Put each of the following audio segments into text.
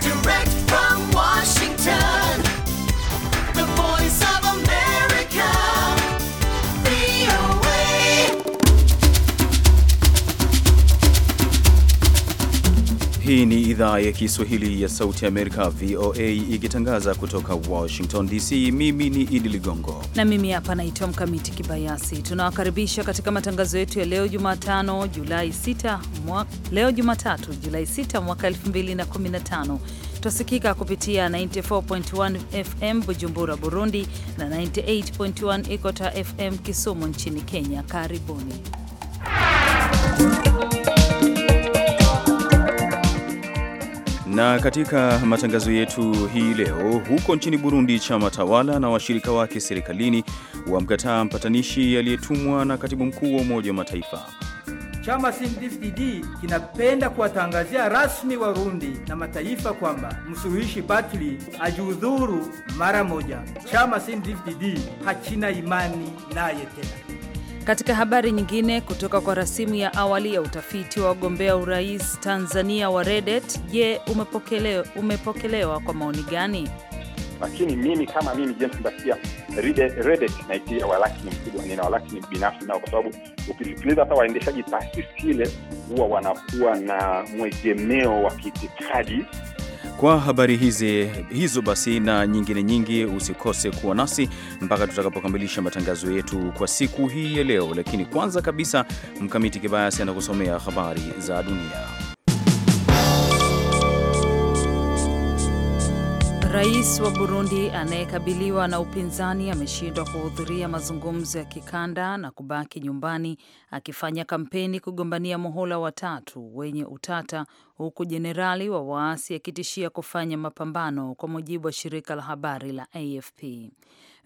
Direct from Washington. Hii ni idhaa ya Kiswahili ya Sauti Amerika, VOA, ikitangaza kutoka Washington DC. Mimi ni Idi Ligongo na mimi hapa naitwa Mkamiti Kibayasi. Tunawakaribisha katika matangazo yetu ya leo Jumatano Julai 6 mwa... leo Jumatatu Julai 6 mwaka 2015 Twasikika kupitia 94.1 FM Bujumbura, Burundi na 98.1 Ikota FM Kisumu nchini Kenya. Karibuni Na katika matangazo yetu hii leo, huko nchini Burundi, chama tawala na washirika wake serikalini wamkataa mpatanishi aliyetumwa na katibu mkuu wa Umoja wa Mataifa. Chama CNDD-FDD kinapenda kuwatangazia rasmi Warundi na mataifa kwamba msuluhishi Batli ajiudhuru mara moja. Chama CNDD-FDD hakina imani naye tena. Katika habari nyingine, kutoka kwa rasimu ya awali ya utafiti wa wagombea urais Tanzania wa Redet, je, umepokelewa, umepokelewa kwa maoni gani? Lakini mimi kama mimi James Mbatia, Redet naitia walaki ni mkubwa, nina walaki ni binafsi nao, kwa sababu ukisikiliza hata waendeshaji taasisi ile huwa wanakuwa na mwegemeo wa kiitikadi kwa habari hizi hizo basi na nyingine nyingi, usikose kuwa nasi mpaka tutakapokamilisha matangazo yetu kwa siku hii ya leo. Lakini kwanza kabisa, Mkamiti Kibayasi anakusomea habari za dunia. Rais wa Burundi anayekabiliwa na upinzani ameshindwa kuhudhuria mazungumzo ya kikanda na kubaki nyumbani akifanya kampeni kugombania muhula watatu wenye utata, huku jenerali wa waasi akitishia kufanya mapambano, kwa mujibu wa shirika la habari la AFP.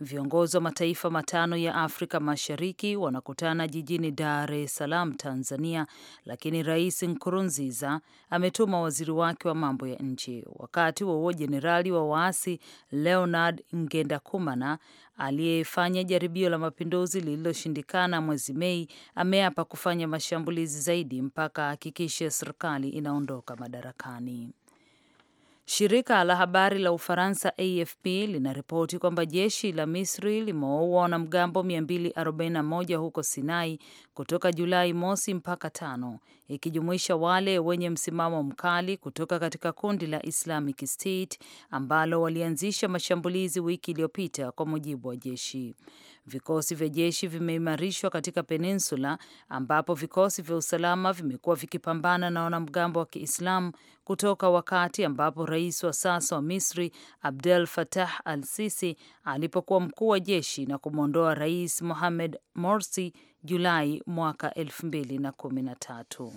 Viongozi wa mataifa matano ya Afrika Mashariki wanakutana jijini Dar es Salaam, Tanzania, lakini Rais Nkurunziza ametuma waziri wake wa mambo ya nje. Wakati huo jenerali wa waasi Leonard Ngendakumana aliyefanya jaribio la mapinduzi lililoshindikana mwezi Mei ameapa kufanya mashambulizi zaidi mpaka ahakikishe serikali inaondoka madarakani. Shirika la habari la Ufaransa AFP linaripoti kwamba jeshi la Misri limewaua wanamgambo 241 huko Sinai kutoka Julai mosi mpaka tano, ikijumuisha wale wenye msimamo mkali kutoka katika kundi la Islamic State ambalo walianzisha mashambulizi wiki iliyopita, kwa mujibu wa jeshi. Vikosi vya jeshi vimeimarishwa katika peninsula ambapo vikosi vya usalama vimekuwa vikipambana na wanamgambo wa Kiislamu kutoka wakati ambapo rais wa sasa wa Misri Abdel Fattah al-Sisi alipokuwa mkuu wa jeshi na kumwondoa Rais Mohamed Morsi Julai mwaka 2013.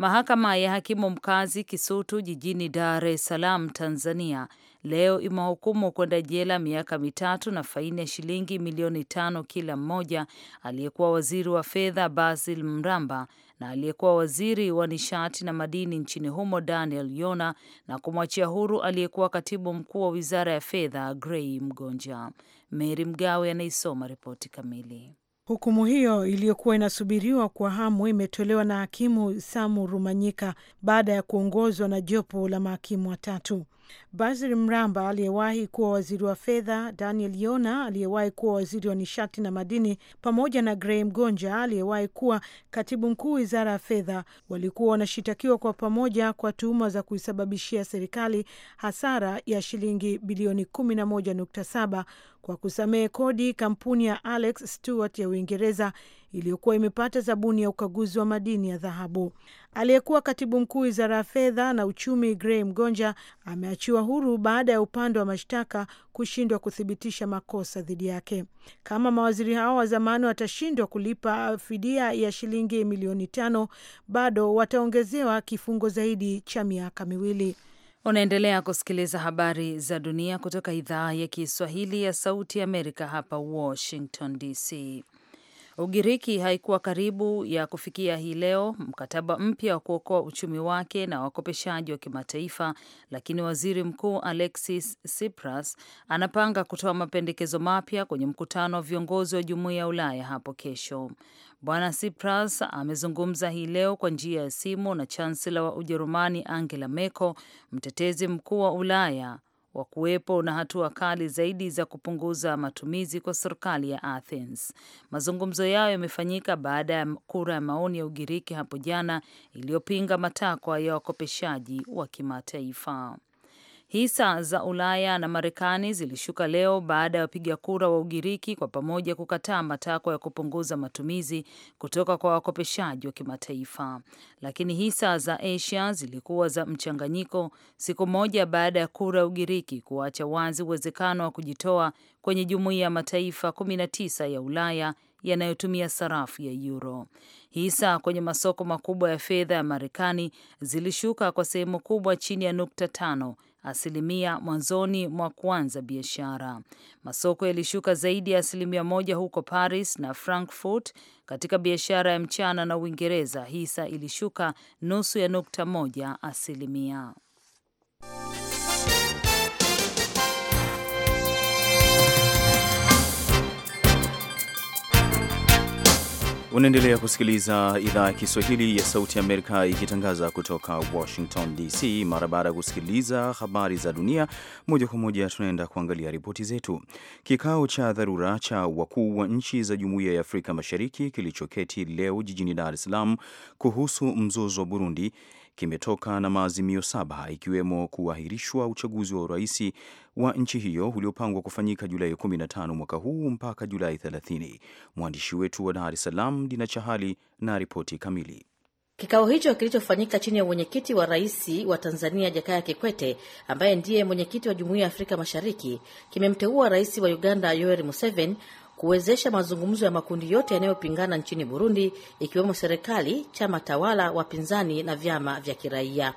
Mahakama ya hakimu mkazi Kisutu jijini Dar es Salaam, Tanzania, leo imehukumu kwenda jela miaka mitatu na faini ya shilingi milioni tano kila mmoja aliyekuwa waziri wa fedha Basil Mramba na aliyekuwa waziri wa nishati na madini nchini humo Daniel Yona na kumwachia huru aliyekuwa katibu mkuu wa wizara ya fedha Grey Mgonja. mery Mgawe anaisoma ripoti kamili. Hukumu hiyo iliyokuwa inasubiriwa kwa hamu imetolewa na hakimu Samu Rumanyika baada ya kuongozwa na jopo la mahakimu watatu. Basil Mramba aliyewahi kuwa waziri wa fedha, Daniel Yona aliyewahi kuwa waziri wa nishati na madini, pamoja na Grey gonja aliyewahi kuwa katibu mkuu wizara ya fedha, walikuwa wanashitakiwa kwa pamoja kwa tuhuma za kuisababishia serikali hasara ya shilingi bilioni 11.7 kwa kusamehe kodi kampuni ya Alex Stewart ya Uingereza iliyokuwa imepata zabuni ya ukaguzi wa madini ya dhahabu. Aliyekuwa katibu mkuu wizara ya fedha na uchumi Grey Mgonja ameachiwa huru baada ya upande wa mashtaka kushindwa kuthibitisha makosa dhidi yake. Kama mawaziri hao wa zamani watashindwa kulipa fidia ya shilingi milioni tano, bado wataongezewa kifungo zaidi cha miaka miwili. Unaendelea kusikiliza habari za dunia kutoka idhaa ya Kiswahili ya Sauti ya Amerika hapa Washington DC. Ugiriki haikuwa karibu ya kufikia hii leo mkataba mpya wa kuokoa uchumi wake na wakopeshaji wa kimataifa, lakini waziri mkuu Alexis Tsipras anapanga kutoa mapendekezo mapya kwenye mkutano wa viongozi wa jumuiya ya Ulaya hapo kesho. Bwana Tsipras amezungumza hii leo kwa njia ya simu na chansela wa Ujerumani Angela Merkel, mtetezi mkuu wa Ulaya wa kuwepo na hatua kali zaidi za kupunguza matumizi kwa serikali ya Athens. Mazungumzo yao yamefanyika baada ya kura ya maoni ya Ugiriki hapo jana iliyopinga matakwa ya wakopeshaji wa kimataifa. Hisa za Ulaya na Marekani zilishuka leo baada ya wapiga kura wa Ugiriki kwa pamoja kukataa matakwa ya kupunguza matumizi kutoka kwa wakopeshaji wa kimataifa, lakini hisa za Asia zilikuwa za mchanganyiko siku moja baada ya kura ya Ugiriki kuacha wazi uwezekano wa kujitoa kwenye jumuiya ya mataifa 19 ya Ulaya yanayotumia sarafu ya euro. Hisa kwenye masoko makubwa ya fedha ya Marekani zilishuka kwa sehemu kubwa chini ya nukta tano asilimia mwanzoni mwa kuanza biashara. Masoko yalishuka zaidi ya asilimia moja huko Paris na Frankfurt katika biashara ya mchana, na Uingereza hisa ilishuka nusu ya nukta moja asilimia. Unaendelea kusikiliza idhaa ya Kiswahili ya Sauti ya Amerika ikitangaza kutoka Washington DC. Mara baada ya kusikiliza habari za dunia moja kwa moja, tunaenda kuangalia ripoti zetu. Kikao cha dharura cha wakuu wa nchi za Jumuiya ya Afrika Mashariki kilichoketi leo jijini Dar es Salaam kuhusu mzozo wa Burundi kimetoka na maazimio saba ikiwemo kuahirishwa uchaguzi wa urais wa nchi hiyo uliopangwa kufanyika Julai 15 mwaka huu mpaka Julai 30. Mwandishi wetu wa Dar es Salaam Dina Chahali na ripoti kamili. Kikao hicho kilichofanyika chini ya mwenyekiti wa rais wa Tanzania Jakaya Kikwete, ambaye ndiye mwenyekiti wa Jumuiya ya Afrika Mashariki, kimemteua rais wa Uganda Yoweri Museveni kuwezesha mazungumzo ya makundi yote yanayopingana nchini Burundi, ikiwemo serikali, chama tawala, wapinzani na vyama vya kiraia.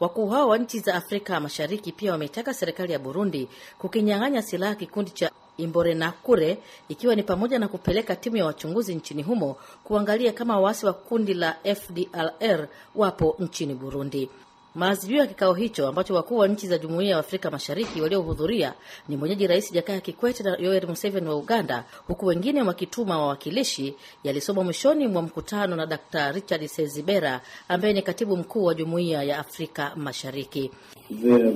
Wakuu hao wa nchi za Afrika Mashariki pia wameitaka serikali ya Burundi kukinyang'anya silaha kikundi cha Imbonerakure ikiwa ni pamoja na kupeleka timu ya wachunguzi nchini humo kuangalia kama waasi wa kundi la FDLR wapo nchini Burundi. Maazimio ya kikao hicho ambacho wakuu wa nchi za Jumuiya ya Afrika Mashariki waliohudhuria ni mwenyeji Rais Jakaya Kikwete na Yoweri Museveni wa Uganda, huku wengine wakituma wawakilishi, yalisomwa mwishoni mwa mkutano na Dr. Richard Sezibera ambaye ni katibu mkuu wa Jumuiya ya Afrika Mashariki. The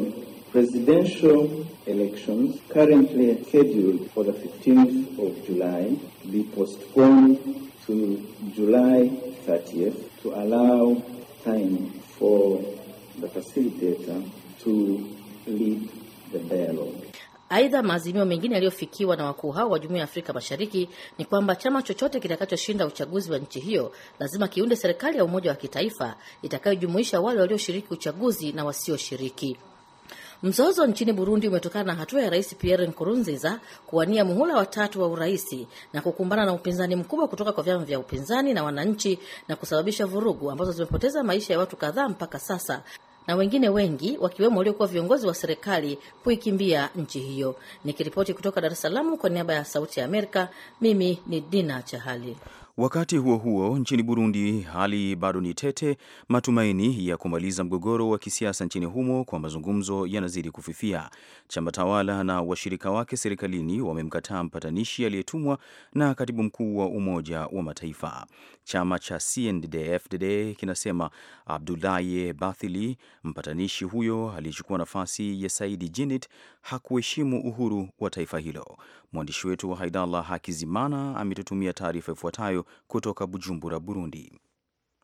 presidential elections currently scheduled for the 15th of July be postponed to July 30th to allow time for the facilitator uh, to lead the dialogue. Aidha, maazimio mengine yaliyofikiwa na wakuu hao wa Jumuiya ya Afrika Mashariki ni kwamba chama chochote kitakachoshinda uchaguzi wa nchi hiyo lazima kiunde serikali ya umoja wa kitaifa itakayojumuisha wale walioshiriki uchaguzi na wasioshiriki. Mzozo nchini Burundi umetokana na hatua ya Rais Pierre Nkurunziza kuwania muhula wa tatu wa urais na kukumbana na upinzani mkubwa kutoka kwa vyama vya upinzani na wananchi na kusababisha vurugu ambazo zimepoteza maisha ya watu kadhaa mpaka sasa, na wengine wengi wakiwemo waliokuwa viongozi wa serikali kuikimbia nchi hiyo. Nikiripoti kutoka Dar es Salaam kwa niaba ya Sauti ya Amerika, mimi ni Dina Chahali. Wakati huo huo, nchini Burundi hali bado ni tete. Matumaini ya kumaliza mgogoro wa kisiasa nchini humo kwa mazungumzo yanazidi kufifia. Chama tawala na washirika wake serikalini wamemkataa mpatanishi aliyetumwa na katibu mkuu wa Umoja wa Mataifa. Chama cha CNDD-FDD kinasema Abdulaye Bathily, mpatanishi huyo aliyechukua nafasi ya Saidi Jinit, hakuheshimu uhuru wa taifa hilo. Mwandishi wetu wa Haidallah Hakizimana ametutumia taarifa ifuatayo kutoka Bujumbura, Burundi.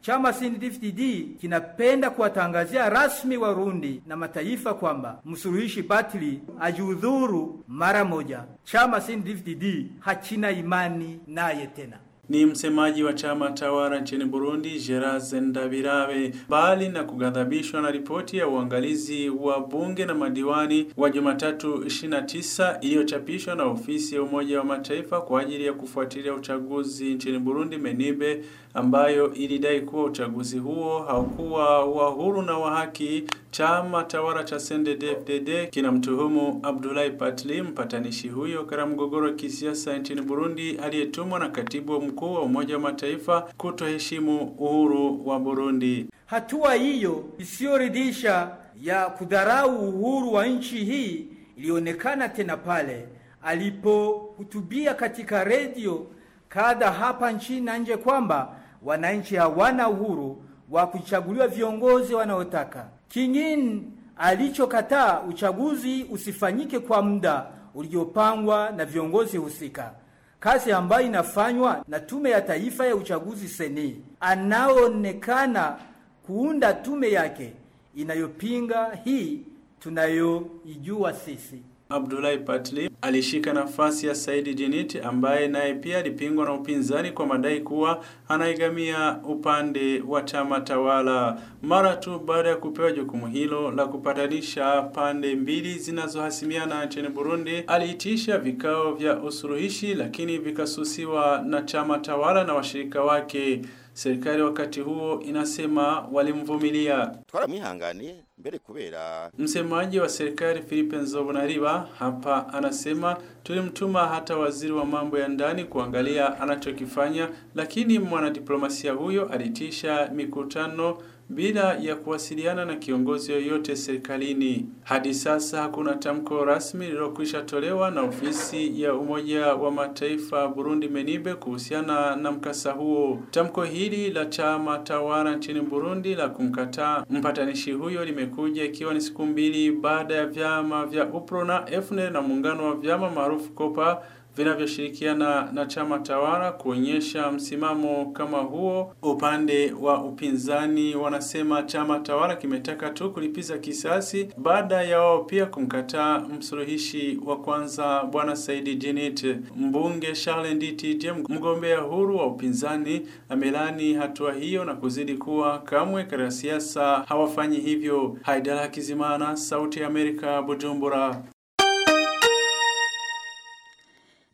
Chama CNDD-FDD kinapenda kuwatangazia rasmi Warundi na mataifa kwamba msuluhishi batli ajiudhuru mara moja. Chama CNDD-FDD hakina imani naye tena ni msemaji wa chama tawara nchini Burundi Gerard Ndabirabe. Mbali na kughadhabishwa na ripoti ya uangalizi wa bunge na madiwani wa Jumatatu 29 iliyochapishwa na ofisi ya Umoja wa Mataifa kwa ajili ya kufuatilia uchaguzi nchini Burundi Menibe, ambayo ilidai kuwa uchaguzi huo haukuwa wa huru na wa haki, chama tawara cha CNDD-FDD kinamtuhumu Abdoulaye Patli, mpatanishi huyo katika mgogoro wa kisiasa nchini Burundi aliyetumwa na katibu mkuu mkuu wa Umoja wa Mataifa kutoheshimu uhuru wa Burundi. Hatua hiyo isiyoridhisha ya kudharau uhuru wa nchi hii ilionekana tena pale alipohutubia katika redio kadha hapa nchini na nje kwamba wananchi hawana uhuru wa kuchaguliwa viongozi wanaotaka. Kingine alichokataa uchaguzi usifanyike kwa muda uliopangwa na viongozi husika kazi ambayo inafanywa na Tume ya Taifa ya Uchaguzi seni anaonekana kuunda tume yake inayopinga hii tunayoijua sisi. Abdullahi Patli alishika nafasi ya Saidi jinit ambaye naye pia alipingwa na upinzani kwa madai kuwa anaigamia upande wa chama tawala. Mara tu baada ya kupewa jukumu hilo la kupatanisha pande mbili zinazohasimiana nchini Burundi, aliitisha vikao vya usuluhishi, lakini vikasusiwa na chama tawala na washirika wake. Serikali wakati huo inasema walimvumilia. Twaramwihanganiye mbere kubera. Msemaji wa serikali Philippe nariba hapa anasema tulimtuma hata waziri wa mambo ya ndani kuangalia anachokifanya, lakini mwanadiplomasia huyo alitisha mikutano bila ya kuwasiliana na kiongozi yoyote serikalini. Hadi sasa hakuna tamko rasmi lililokwisha tolewa na ofisi ya Umoja wa Mataifa Burundi Menibe kuhusiana na mkasa huo. Tamko hili la chama tawala nchini Burundi la kumkataa mpatanishi huyo limekuja ikiwa ni siku mbili baada ya vyama vya na FNL na muungano wa vyama maarufu Kopa vinavyoshirikiana na chama tawala kuonyesha msimamo kama huo. Upande wa upinzani wanasema chama tawala kimetaka tu kulipiza kisasi baada ya wao pia kumkataa msuluhishi wa kwanza Bwana Saidi Jinit. Mbunge Charles Nditi Jem, mgombea huru wa upinzani, amelani hatua hiyo na kuzidi kuwa kamwe katika siasa hawafanyi hivyo. Haidara Kizimana, Sauti ya Amerika, Bujumbura.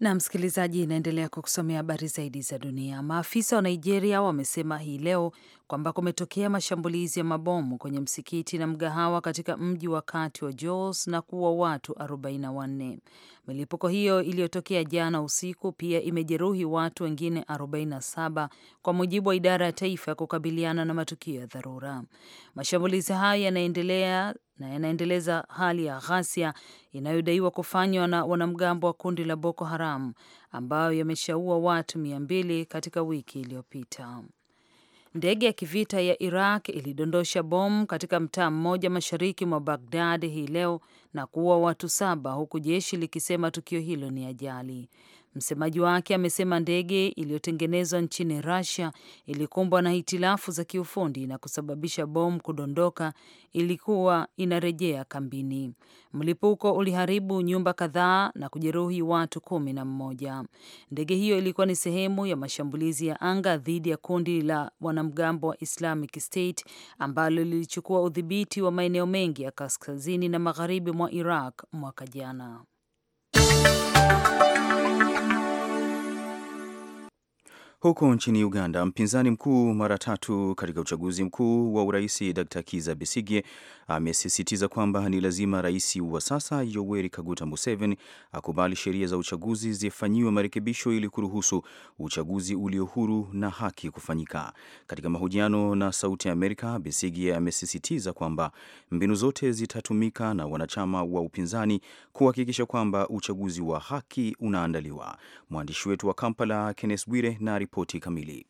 Na msikilizaji, inaendelea kukusomea habari zaidi za dunia. Maafisa wa Nigeria wamesema hii leo kwamba kumetokea mashambulizi ya mabomu kwenye msikiti na mgahawa katika mji wa kati wa Jos na kuua watu 44. Milipuko hiyo iliyotokea jana usiku pia imejeruhi watu wengine 47 kwa mujibu wa idara ya taifa ya kukabiliana na matukio ya dharura. Mashambulizi hayo yanaendelea na yanaendeleza hali ya ghasia inayodaiwa kufanywa na wanamgambo wa kundi la Boko Haram ambayo yameshaua watu 2 katika wiki iliyopita. Ndege ya kivita ya Iraq ilidondosha bomu katika mtaa mmoja mashariki mwa Bagdad hii leo na kuua watu saba, huku jeshi likisema tukio hilo ni ajali. Msemaji wake amesema ndege iliyotengenezwa nchini Russia ilikumbwa na hitilafu za kiufundi na kusababisha bomu kudondoka ilikuwa inarejea kambini. Mlipuko uliharibu nyumba kadhaa na kujeruhi watu kumi na mmoja. Ndege hiyo ilikuwa ni sehemu ya mashambulizi ya anga dhidi ya kundi la wanamgambo wa Islamic State ambalo lilichukua udhibiti wa maeneo mengi ya kaskazini na magharibi mwa Iraq mwaka jana. Huko nchini Uganda, mpinzani mkuu mara tatu katika uchaguzi mkuu wa uraisi d Kiza Besigye amesisitiza kwamba ni lazima rais wa sasa Yoweri Kaguta Museveni akubali sheria za uchaguzi zifanyiwe marekebisho ili kuruhusu uchaguzi ulio huru na haki kufanyika. Katika mahojiano na Sauti ya Amerika, Besigye amesisitiza kwamba mbinu zote zitatumika na wanachama wa upinzani kuhakikisha kwamba uchaguzi wa haki unaandaliwa. Mwandishi wetu wa Kampala Kenneth Bwire na ripoti kamili.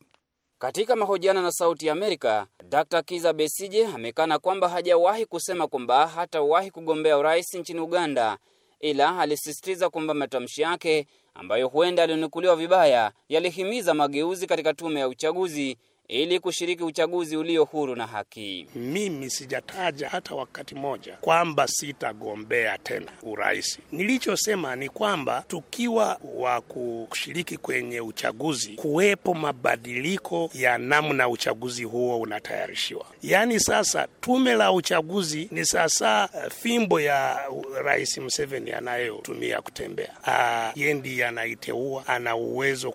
Katika mahojiano na Sauti ya Amerika, Dr. Kiza Besije amekana kwamba hajawahi kusema kwamba hatawahi kugombea urais nchini Uganda, ila alisisitiza kwamba matamshi yake ambayo huenda yalinukuliwa vibaya yalihimiza mageuzi katika tume ya uchaguzi ili kushiriki uchaguzi ulio huru na haki. Mimi sijataja hata wakati moja kwamba sitagombea tena urais. Nilichosema ni kwamba tukiwa wa kushiriki kwenye uchaguzi, kuwepo mabadiliko ya namna uchaguzi huo unatayarishiwa. Yaani sasa tume la uchaguzi ni sasa eh, fimbo ya uh, Rais Museveni anayotumia kutembea. Aa, ah, ndiye anaiteua, ana uwezo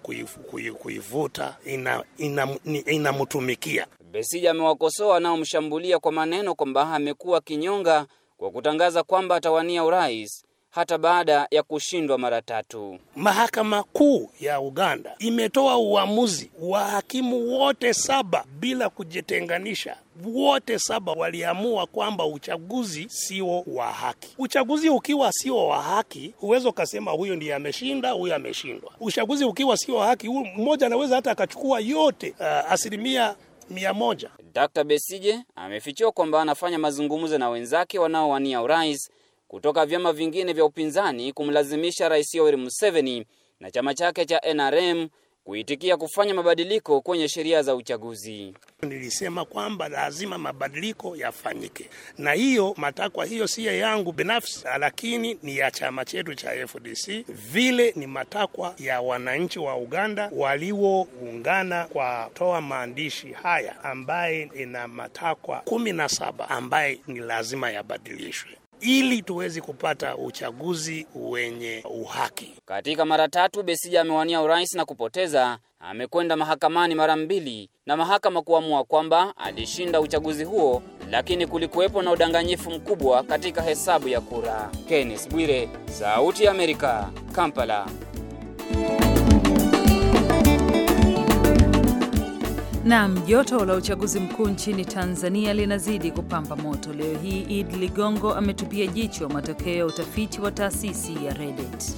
kuivuta, ina, ina, ina, ina mnamtumikia. Besija amewakosoa wanaomshambulia kwa maneno kwamba amekuwa kinyonga kwa kutangaza kwamba atawania urais hata baada ya kushindwa mara tatu. Mahakama Kuu ya Uganda imetoa uamuzi wa hakimu wote saba bila kujitenganisha wote saba waliamua kwamba uchaguzi sio wa haki. Uchaguzi ukiwa sio wa haki, huwezi ukasema huyo ndiye ameshinda, huyo ameshindwa. Uchaguzi ukiwa sio wa haki, mmoja anaweza hata akachukua yote, uh, asilimia mia moja. Dr. Besije amefichiwa kwamba anafanya mazungumzo na wenzake wanaowania urais kutoka vyama vingine vya upinzani kumlazimisha Rais Yoweri Museveni na chama chake cha NRM kuitikia kufanya mabadiliko kwenye sheria za uchaguzi. Nilisema kwamba lazima mabadiliko yafanyike, na hiyo matakwa hiyo si yangu binafsi, lakini ni ya chama chetu cha FDC. Vile ni matakwa ya wananchi wa Uganda walioungana kwa toa maandishi haya ambaye ina matakwa kumi na saba ambaye ni lazima yabadilishwe ili tuweze kupata uchaguzi wenye uhaki. Katika mara tatu besija amewania urais na kupoteza, amekwenda mahakamani mara mbili na mahakama kuamua kwamba alishinda uchaguzi huo, lakini kulikuwepo na udanganyifu mkubwa katika hesabu ya kura. Kenneth Bwire, Sauti ya Amerika, Kampala. Nam, joto la uchaguzi mkuu nchini Tanzania linazidi kupamba moto. Leo hii Id Ligongo ametupia jicho matokeo ya utafiti wa taasisi ya Reddit.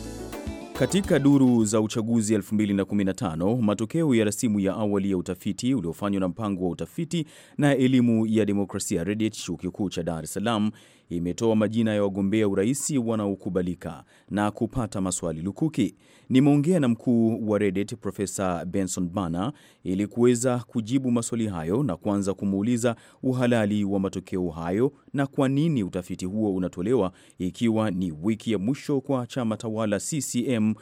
Katika duru za uchaguzi 2015 matokeo ya rasimu ya awali ya utafiti uliofanywa na mpango wa utafiti na elimu ya demokrasia Reddit, chuo kikuu cha Dar es Salaam imetoa majina ya wagombea uraisi wanaokubalika na kupata maswali lukuki. Nimeongea na mkuu wa Reddit Profesa Benson Bana ili kuweza kujibu maswali hayo na kuanza kumuuliza uhalali wa matokeo hayo na kwa nini utafiti huo unatolewa ikiwa ni wiki ya mwisho kwa chama tawala CCM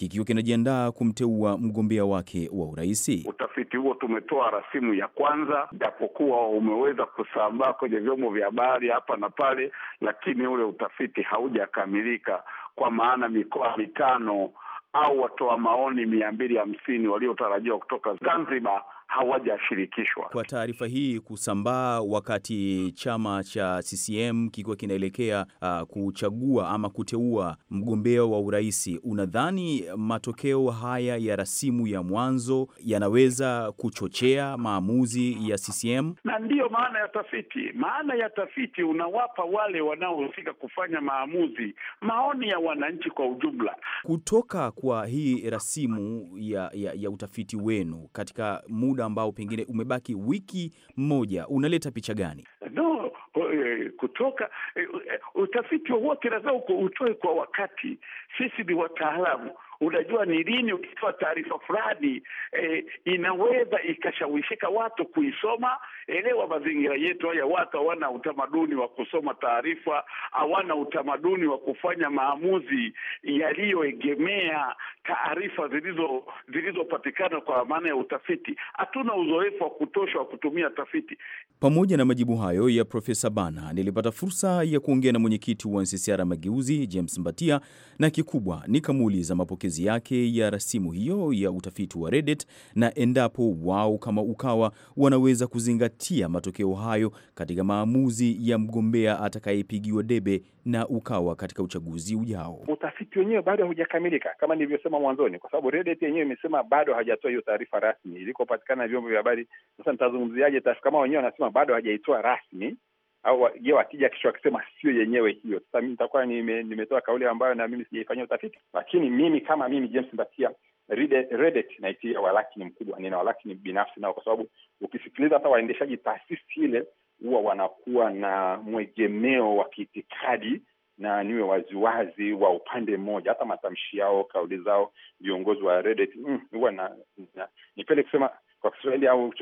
kikiwa kinajiandaa kumteua mgombea wake wa uraisi. Utafiti huo tumetoa rasimu ya kwanza, japokuwa umeweza kusambaa kwenye vyombo vya habari hapa na pale, lakini ule utafiti haujakamilika kwa maana mikoa mitano au watoa maoni mia mbili hamsini waliotarajiwa kutoka Zanzibar hawajashirikishwa. Kwa taarifa hii kusambaa wakati chama cha CCM kikiwa kinaelekea uh, kuchagua ama kuteua mgombea wa urais, unadhani matokeo haya ya rasimu ya mwanzo yanaweza kuchochea maamuzi ya CCM? Na ndiyo maana ya tafiti, maana ya tafiti unawapa wale wanaohusika kufanya maamuzi maoni ya wananchi kwa ujumla. Kutoka kwa hii rasimu ya, ya, ya utafiti wenu katika muda muda ambao pengine umebaki wiki moja, unaleta picha gani? No, eh, kutoka eh, utafiti wowote lazima utoe kwa wakati. Sisi ni wataalamu Unajua ni lini ukitoa taarifa fulani eh, inaweza ikashawishika watu kuisoma Elewa mazingira yetu haya, watu hawana utamaduni wa kusoma taarifa, hawana utamaduni wa kufanya maamuzi yaliyoegemea taarifa zilizo zilizopatikana kwa maana ya utafiti. Hatuna uzoefu wa kutosha wa kutumia tafiti. Pamoja na majibu hayo ya Profesa Bana, nilipata fursa ya kuongea na mwenyekiti wa NCCR Mageuzi, James Mbatia, na kikubwa nikamuuliza mapokezi yake ya rasimu hiyo ya utafiti wa Redet na endapo wao kama Ukawa wanaweza kuzingatia kuzingatia matokeo hayo katika maamuzi ya mgombea atakayepigiwa debe na UKAWA katika uchaguzi ujao. Utafiti wenyewe bado haujakamilika kama nilivyosema mwanzoni, kwa sababu REDET yenyewe imesema bado hajatoa hiyo taarifa rasmi ilikopatikana na vyombo vya habari. Sasa nitazungumziaje taarifa kama wenyewe wanasema bado hajaitoa rasmi? au je, wakija kisha wakisema sio yenyewe hiyo? Sasa mi nitakuwa nimetoa kauli ambayo na mimi sijaifanyia utafiti, lakini mimi kama mimi James Mbatia Reddit naitia walakini mkubwa, nina walakini binafsi nao, kwa sababu ukisikiliza hata waendeshaji taasisi ile huwa wanakuwa na mwegemeo wa kiitikadi na niwe waziwazi wa upande mmoja. Hata matamshi yao, kauli zao, viongozi wa Reddit mm, huwa mm, na, na nipende kusema kwa Kiswahili au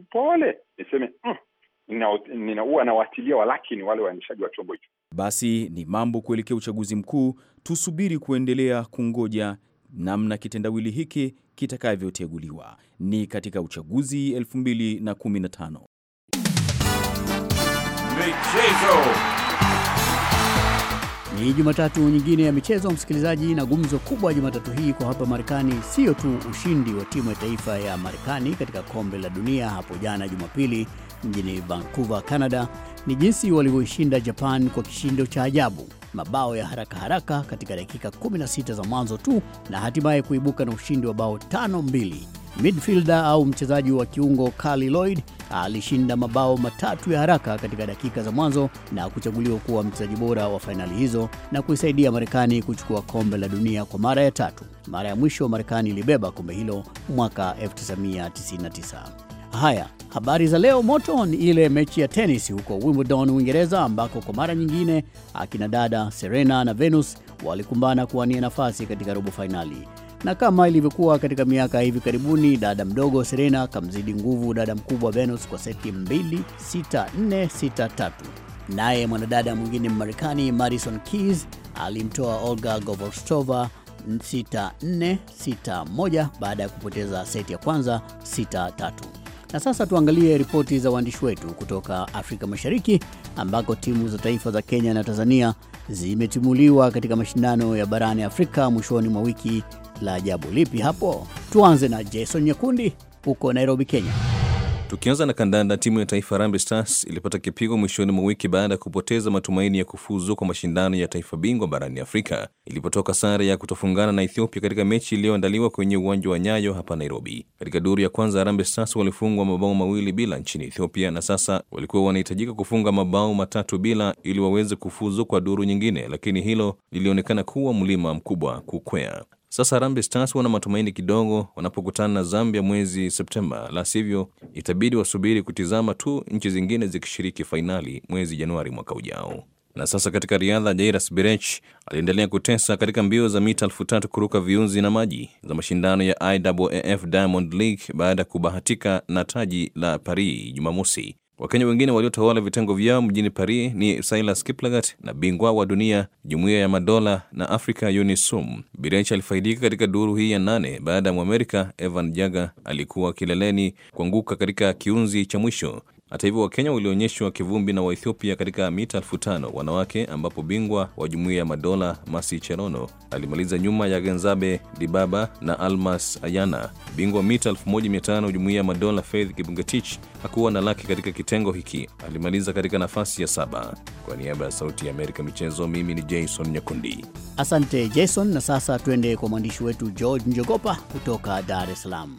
upole niseme mm, huwa nawatilia walakini wale waendeshaji wa chombo hicho. Basi ni mambo kuelekea uchaguzi mkuu, tusubiri kuendelea kungoja namna kitendawili hiki kitakavyoteguliwa ni katika uchaguzi 2015. Michezo ni Jumatatu nyingine ya michezo, msikilizaji, na gumzo kubwa Jumatatu hii kwa hapa Marekani siyo tu ushindi wa timu ya taifa ya Marekani katika kombe la dunia hapo jana Jumapili mjini Vancouver, Canada, ni jinsi walivyoishinda Japan kwa kishindo cha ajabu mabao ya haraka haraka katika dakika 16 za mwanzo tu na hatimaye kuibuka na ushindi wa bao tano mbili. Midfielder au mchezaji wa kiungo Carli Lloyd alishinda mabao matatu ya haraka katika dakika za mwanzo na kuchaguliwa kuwa mchezaji bora wa fainali hizo na kuisaidia Marekani kuchukua kombe la dunia kwa mara ya tatu. Mara ya mwisho Marekani ilibeba kombe hilo mwaka 1999. Haya, habari za leo moto ni ile mechi ya tenis huko Wimbledon, Uingereza, ambako kwa mara nyingine akina dada Serena na Venus walikumbana kuwania nafasi katika robo fainali. Na kama ilivyokuwa katika miaka hivi karibuni, dada mdogo Serena kamzidi nguvu dada mkubwa Venus kwa seti 2 6 4 6 3. Naye mwanadada mwingine Mmarekani Madison Keys alimtoa Olga Govorstova 6 4 6 1 baada ya kupoteza seti ya kwanza 6 3. Na sasa tuangalie ripoti za waandishi wetu kutoka Afrika Mashariki ambako timu za taifa za Kenya na Tanzania zimetimuliwa katika mashindano ya barani Afrika mwishoni mwa wiki. La ajabu lipi hapo? Tuanze na Jason Nyakundi huko Nairobi, Kenya. Tukianza na kandanda, timu ya taifa Harambee Stars ilipata kipigo mwishoni mwa wiki baada ya kupoteza matumaini ya kufuzu kwa mashindano ya taifa bingwa barani Afrika ilipotoka sare ya kutofungana na Ethiopia katika mechi iliyoandaliwa kwenye uwanja wa Nyayo hapa Nairobi. Katika duru ya kwanza, Harambee Stars walifungwa mabao mawili bila nchini Ethiopia, na sasa walikuwa wanahitajika kufunga mabao matatu bila ili waweze kufuzu kwa duru nyingine, lakini hilo lilionekana kuwa mlima mkubwa kukwea. Sasa Harambee Stars wana matumaini kidogo wanapokutana na Zambia mwezi Septemba, la sivyo itabidi wasubiri kutizama tu nchi zingine zikishiriki fainali mwezi Januari mwaka ujao. Na sasa katika riadha, Jairus Birech aliendelea kutesa katika mbio za mita elfu tatu kuruka viunzi na maji za mashindano ya IAAF Diamond League baada ya kubahatika na taji la Paris Jumamosi. Wakenya wengine waliotawala vitengo vyao mjini Paris ni Silas Kiplagat na bingwa wa dunia Jumuiya ya Madola na Afrika UNISUM. Birech alifaidika katika duru hii ya nane baada ya Mwamerika Evan Jaga alikuwa kileleni kuanguka katika kiunzi cha mwisho. Hata hivyo, Wakenya walionyeshwa kivumbi na Waethiopia katika mita 5 wanawake, ambapo bingwa wa jumuiya ya madola Masi Cherono alimaliza nyuma ya Genzabe Dibaba na Almas Ayana. Bingwa mita 15 jumuiya ya madola Faith Kibungetich hakuwa na laki katika kitengo hiki, alimaliza katika nafasi ya saba. Kwa niaba ya Sauti ya Amerika michezo, mimi ni Jason Nyakundi. Asante Jason, na sasa tuende kwa mwandishi wetu George Njogopa kutoka Dar es Salaam.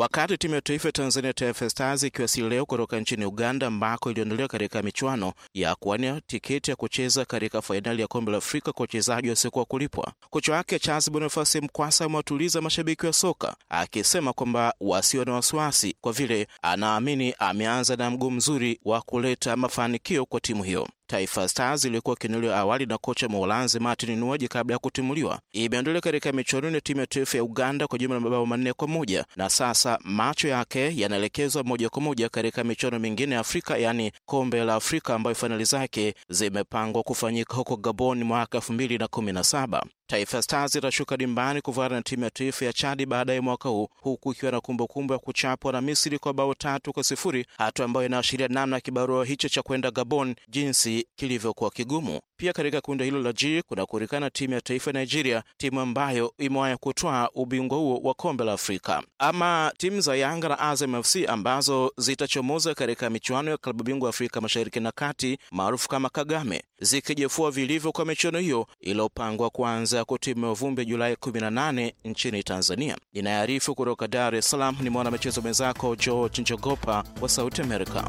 Wakati timu ya taifa ya Tanzania Taifa Stars ikiwasili leo kutoka nchini Uganda ambako iliondolewa katika michuano ya kuwania tiketi ya kucheza katika fainali ya kombe la Afrika kwa wachezaji wasiokuwa kulipwa, kocha wake Charles Bonifasi Mkwasa amewatuliza mashabiki wa soka akisema kwamba wasiwe na wasiwasi, kwa vile anaamini ameanza na mguu mzuri wa kuleta mafanikio kwa timu hiyo. Taifa Stars iliyokuwa kiinuliwa awali na kocha Maulanzi Martin Nuaji kabla ya kutimuliwa, imeondolewa katika michuano ya timu ya taifa ya Uganda kwa jumla ya mabao manne kwa moja, na sasa macho yake yanaelekezwa moja kwa moja katika michuano mingine ya Afrika, yaani kombe la Afrika ambayo fainali zake zimepangwa kufanyika huko Gabon mwaka 2017. Taifa Stars itashuka dimbani kuvana na timu ya taifa ya Chadi baadaye mwaka huu huku ikiwa na kumbukumbu ya kuchapwa na Misri kwa bao tatu kwa sifuri, hatua ambayo inaashiria namna ya kibarua hicho cha kwenda Gabon jinsi kilivyokuwa kigumu. Pia katika kundi hilo la G kuna kurikana timu ya taifa ya Nigeria, timu ambayo imewahi kutwaa ubingwa huo wa kombe la Afrika. Ama timu za Yanga na Azam FC ambazo zitachomoza katika michuano ya klabu bingwa Afrika Mashariki na Kati maarufu kama Kagame, zikijefua vilivyo kwa michuano hiyo iliyopangwa kuanza ya kutimua vumbi Julai 18 nchini Tanzania. inayarifu kutoka Dar es Salaam ni mwanamichezo mwenzako George Njogopa wa Sauti america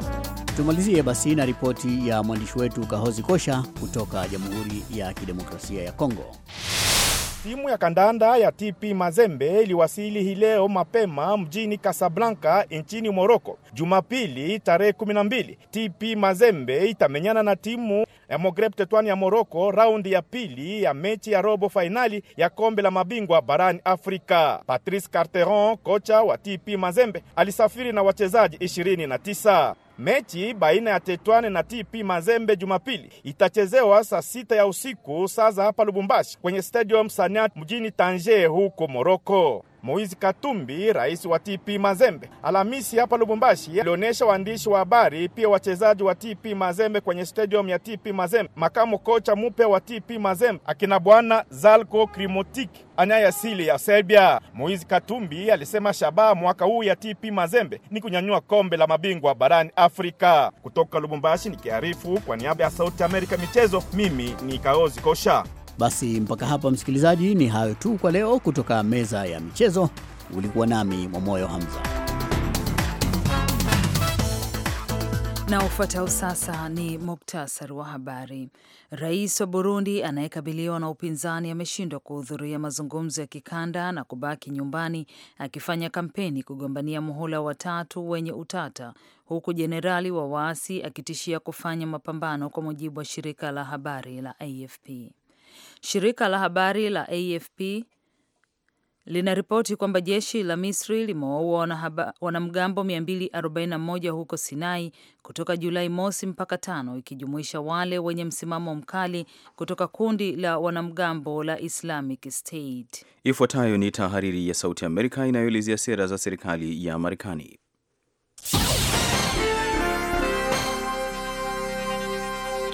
Tumalizie basi na ripoti ya mwandishi wetu Kahozi Kosha kutoka Jamhuri ya Kidemokrasia ya Kongo. Timu ya kandanda ya TP Mazembe iliwasili hii leo mapema mjini Casablanca nchini Moroko. Jumapili tarehe 12, TP Mazembe itamenyana na timu ya mogreb Tetwani ya Moroko raundi ya pili ya mechi ya robo fainali ya kombe la mabingwa barani Afrika. Patrice Carteron, kocha wa TP Mazembe, alisafiri na wachezaji 29. Mechi baina ya Tetwane na TP Mazembe Jumapili itachezewa saa sita ya usiku saa za hapa Lubumbashi kwenye stadium Saniat mjini Tanger huko Moroko. Moizi Katumbi, rais wa TP Mazembe, Alhamisi hapa Lubumbashi, alionyesha waandishi wa habari pia wachezaji wa TP Mazembe kwenye stadium ya TP Mazembe. Makamu kocha mpya wa TP Mazembe akina bwana Zalko krimotik Krimotic asili ya Serbia. Moizi Katumbi alisema shabaha mwaka huu ya TP Mazembe ni kunyanyua kombe la mabingwa barani Afrika. Kutoka Lubumbashi nikiarifu kwa niaba ya Sauti Amerika michezo, mimi ni Kaozi Kosha. Basi mpaka hapa, msikilizaji, ni hayo tu kwa leo kutoka meza ya michezo. Ulikuwa nami Mwamoyo Hamza na ufuatao sasa ni muktasari wa habari. Rais wa Burundi anayekabiliwa na upinzani ameshindwa kuhudhuria mazungumzo ya kikanda na kubaki nyumbani akifanya kampeni kugombania muhula watatu wenye utata huku jenerali wa waasi akitishia kufanya mapambano, kwa mujibu wa shirika la habari la AFP. Shirika la habari la AFP linaripoti kwamba jeshi la Misri limewaua wanamgambo 241 huko Sinai kutoka Julai mosi mpaka tano, ikijumuisha wale wenye msimamo mkali kutoka kundi la wanamgambo la Islamic State. Ifuatayo ni tahariri ya Sauti Amerika inayoelezea sera za serikali ya Marekani.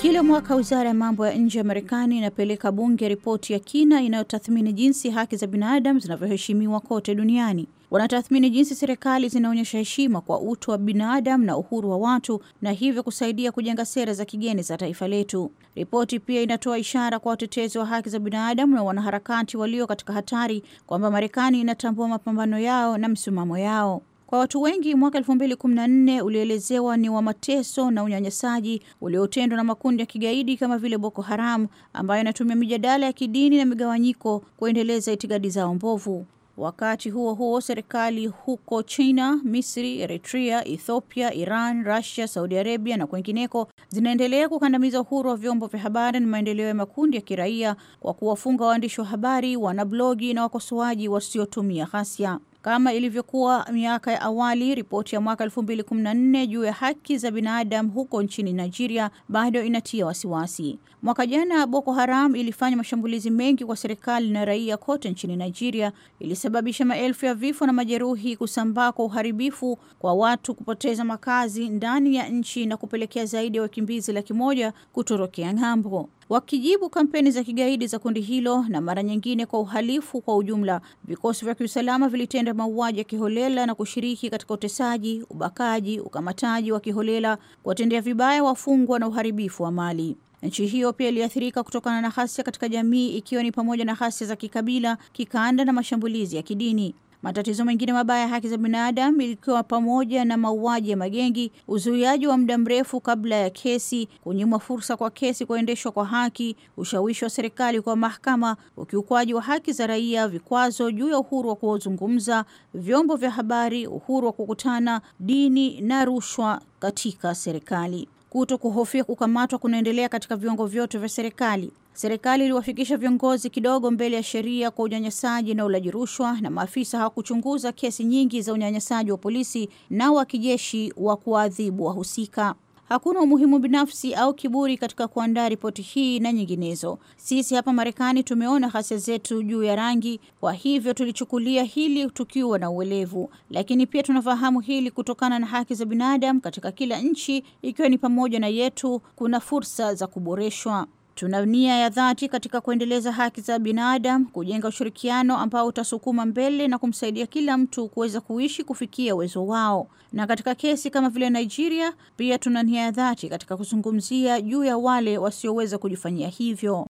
Kila mwaka wizara ya mambo ya nje ya Marekani inapeleka bunge ripoti ya kina inayotathmini jinsi haki za binadamu zinavyoheshimiwa kote duniani. Wanatathmini jinsi serikali zinaonyesha heshima kwa utu wa binadamu na uhuru wa watu na hivyo kusaidia kujenga sera za kigeni za taifa letu. Ripoti pia inatoa ishara kwa watetezi wa haki za binadamu na wanaharakati walio katika hatari kwamba Marekani inatambua mapambano yao na msimamo yao. Kwa watu wengi, mwaka 2014 ulielezewa ni wa mateso na unyanyasaji uliotendwa na makundi ya kigaidi kama vile Boko Haram ambayo yanatumia mijadala ya kidini na migawanyiko kuendeleza itikadi zao mbovu. Wakati huo huo, serikali huko China, Misri, Eritrea, Ethiopia, Iran, Russia, Saudi Arabia na kwengineko zinaendelea kukandamiza uhuru wa vyombo vya habari na maendeleo ya makundi ya kiraia kwa kuwafunga waandishi wa habari, wanablogi na wakosoaji wasiotumia ghasia. Kama ilivyokuwa miaka ya awali, ripoti ya mwaka 2014 juu ya haki za binadamu huko nchini Nigeria bado inatia wasiwasi. Mwaka jana, Boko Haram ilifanya mashambulizi mengi kwa serikali na raia kote nchini Nigeria, ilisababisha maelfu ya vifo na majeruhi, kusambaa kwa uharibifu kwa watu, kupoteza makazi ndani ya nchi na kupelekea zaidi ya wakimbizi laki moja kutorokea ng'ambo wakijibu kampeni za kigaidi za kundi hilo na mara nyingine kwa uhalifu kwa ujumla. Vikosi vya kiusalama vilitenda mauaji ya kiholela na kushiriki katika utesaji, ubakaji, ukamataji wa kiholela, kuwatendea vibaya wafungwa na uharibifu wa mali. Nchi hiyo pia iliathirika kutokana na ghasia katika jamii, ikiwa ni pamoja na ghasia za kikabila, kikanda na mashambulizi ya kidini. Matatizo mengine mabaya ya haki za binadamu ilikuwa pamoja na mauaji ya magengi, uzuiaji wa muda mrefu kabla ya kesi, kunyimwa fursa kwa kesi kuendeshwa kwa haki, ushawishi wa serikali kwa mahakama, ukiukwaji wa haki za raia, vikwazo juu ya uhuru wa kuzungumza, vyombo vya habari, uhuru wa kukutana, dini na rushwa katika serikali. Kuto kuhofia kukamatwa kunaendelea katika viwango vyote vya serikali. Serikali iliwafikisha viongozi kidogo mbele ya sheria kwa unyanyasaji na ulaji rushwa, na maafisa hawakuchunguza kesi nyingi za unyanyasaji wa polisi na wa kijeshi wa kuwaadhibu wahusika. Hakuna umuhimu binafsi au kiburi katika kuandaa ripoti hii na nyinginezo. Sisi hapa Marekani tumeona ghasia zetu juu ya rangi, kwa hivyo tulichukulia hili tukiwa na uelevu, lakini pia tunafahamu hili kutokana na haki za binadamu katika kila nchi, ikiwa ni pamoja na yetu, kuna fursa za kuboreshwa. Tuna nia ya dhati katika kuendeleza haki za binadamu, kujenga ushirikiano ambao utasukuma mbele na kumsaidia kila mtu kuweza kuishi kufikia uwezo wao. Na katika kesi kama vile Nigeria, pia tuna nia ya dhati katika kuzungumzia juu ya wale wasioweza kujifanyia hivyo.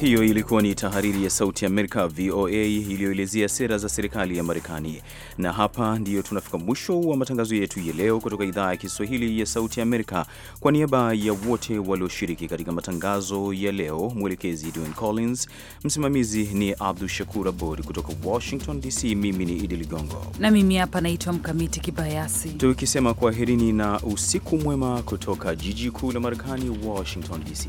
Hiyo ilikuwa ni tahariri ya Sauti Amerika VOA iliyoelezea sera za serikali ya Marekani. Na hapa ndiyo tunafika mwisho wa matangazo yetu ya leo kutoka idhaa ya Kiswahili ya Sauti Amerika. Kwa niaba ya wote walioshiriki katika matangazo ya leo, mwelekezi Dwayne Collins, msimamizi ni Abdu Shakur Abod kutoka Washington DC, mimi ni Idi Ligongo na mimi hapa naitwa Mkamiti Kibayasi, tukisema kwaherini na usiku mwema kutoka jiji kuu la Marekani, Washington DC.